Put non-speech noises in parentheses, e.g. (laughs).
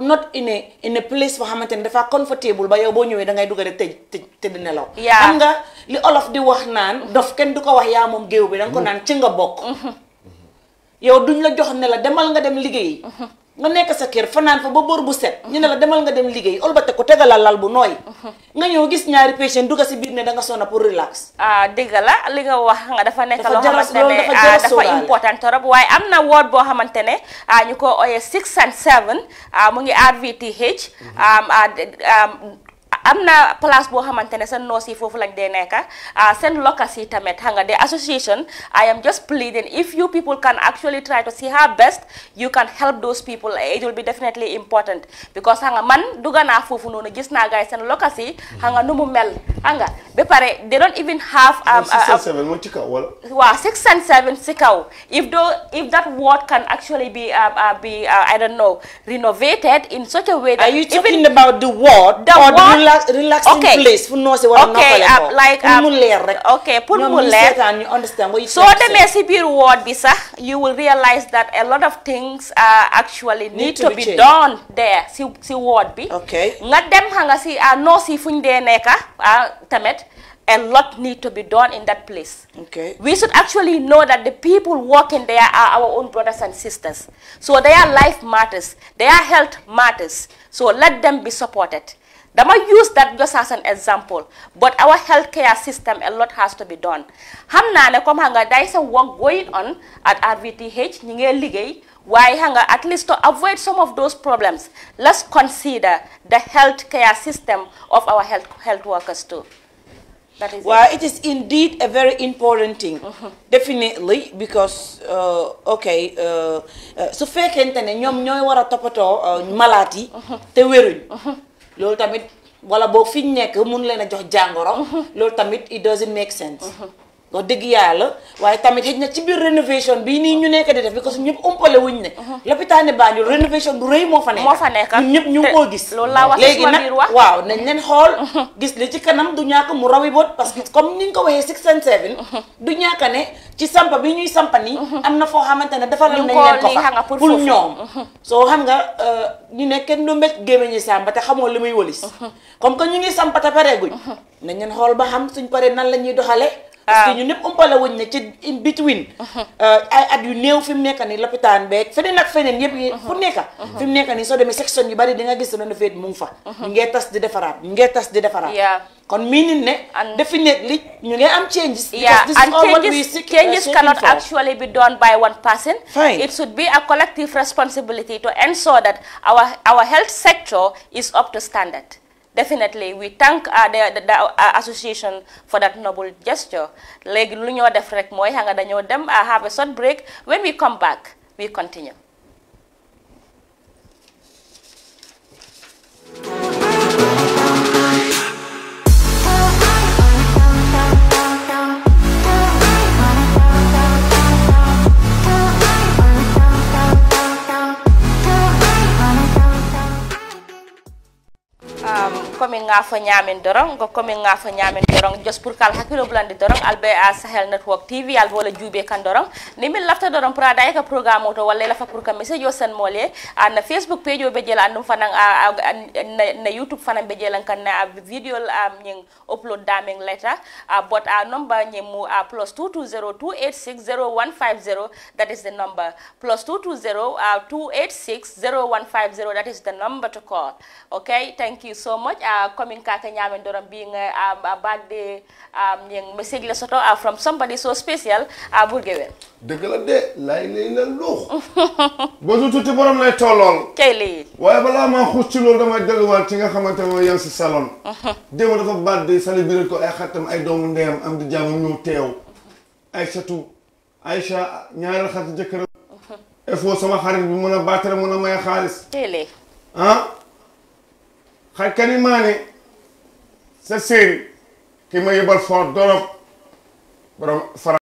not in a in a place boo xamante ni dafa comfortable ba yow boo ñëwee dangay ngay dugg rek tëj tëj tëdd nelaw. xam nga li olof di wax naan dof kenn du ko wax yaa moom géew bi da ko mm-hmm. naan ci nga bokk. Mm-hmm. yow duñ la jox ne la demal nga dem liggéey. Mm-hmm. nga nekk sa kër fanaan fa ba bër bu set ñu ne la demal nga dem liggéey olbate ko tegalal lal bu nooy nga ñëw gis ñaari patient dugg si biir ne da nga sonna pour relax ah, dëgg la li nga wax nga dafa nekk loo xamante ne dafa ah, important trop waaye am na ward boo xamante ne ah, ñu ko ooyee six and seven mu ngi RVTH mhm. am na place boo and ne seen nurse yi foofu lañ dee nekk ah, seen locals yi tamit xam nga the association I am just pleading if you people can actually try to see her best you can help those people eh, it will be definitely important because hanga nga man duga na foofu noonu gis naa gars yi seen locals yi xam nga mel nga pare they don't even have um, uh, uh, waaw six and seven si kaw if though if that word can actually be uh, be I don't know renovated in such a way that are you talking about the word the word relax relaxing okay. place fu noose war a noppale ko like pour uh, mu leer rek ok So mu leer ñu understand what you soo demee si biir ward bi you will realize that a lot of things uh actually need to be done there See, see, ward bi Okay. dem xa nga si uh, noos yi fu ñu dee nekka uh, tamit a lot need to be done in that place. Okay. We should actually know that the people working there are our own brothers and sisters. So their life matters, their health matters. So let them be supported. Dama use that just as an example. But our healthcare system, a lot has to be done. Hamna ne kom hanga, there is work going on at RVTH, nyinge ligay, why hanga, at least to avoid some of those problems, let's consider the healthcare system of our health, health workers too. That it. is indeed a very important thing, mm -hmm. definitely, because, uh, uh, uh su so fekente ne ñoom ñooy wara topato uh, malati mm-hmm. te wëruñ. Mm-hmm. loolu tamit wala boo fi ñu nekk mun leen a jox jàngoro. (laughs) loolu tamit it doesn't make sense. Uh-huh. wax dëgg yàlla waaye tamit xëj na ci biir rénovation bi nii ñu nekk di def parce que ñëpp umpale wuñ ne uh-huh. l'hôpital ne Banjul rénovation rëy moo fa nekk moo ñu ngi koo uh-huh. gis li ci kanam du ñàkk mu rawi boot parce que comme ni nga ko waxee six and seven uh-huh. du ñàkk ne ci sampa bi ñuy sampa nii am na foo xamante ne dafa nañ leen ko fa pour ñoom soo xam nga euh, ñu ne kenn du mbéj gémmiñu sàmba te xamoo li muy wëlis comme que ñu ngi sampa te pareeguñ nañ leen xool ba xam s paree nan la ñuy doxale parce que ah. ñu ñëpp umpale wuñ ne ci in between uh-huh. euh, ay at yu néew fi mu nekk nii lopitaan be feneen ak feneen yëpp uh-huh. fu nekk uh-huh. fi mu nekk nii soo demee section yu bari di nga gis doon defeet mu fa ñu ngee tas di defaraat ñu ngee tas di defaraat kon meaning ne definitely ñu ngi am changes yeah this and changes, we uh, changes uh, cannot for. actually be done by one person it should be a collective responsibility to ensure that our health sector is up to standard definitely we thank uh, the, the, uh, association for that noble gesture. Like, lu ñoo def rek moy nga dañoo dem uh, have a short break when we come back we continue komin ngafoña amin doron go komin ngafoña amin doron jos pour kala hakkilo bulandi doron albe a sahel network tv al wala juube kan doron ni min lafta doron pour ada eka programme oto walla lafa pour que message o sen mole na facebook page o be jela andum fanan na youtube fanan be jelan kan na video am nyen upload daming later but our number nyemu plus 22028600150 that is the number plus 220 2860150 that is the number to uh, coming kaka nyamen doram being a, a, a bad day um, soto uh, from somebody so special uh, dëgg la de lay lay la luux (laughs) ba du tuuti borom lay tollool kay lii waaye balaa maa xuus ci loolu damay delluwaat ci nga xamante ne mooy si salon (laughs) démb dafa bad day ko ay xaritam ay doomu ndeyam am di jàmm ñëw teew Aysatu Aysa ñaareel xarit jëkkëram (laughs) il faut sama xarit bi mën a baatare mën a may xaalis kay lii hay kadi mane so seeri kimo yubal fo dorop borom fara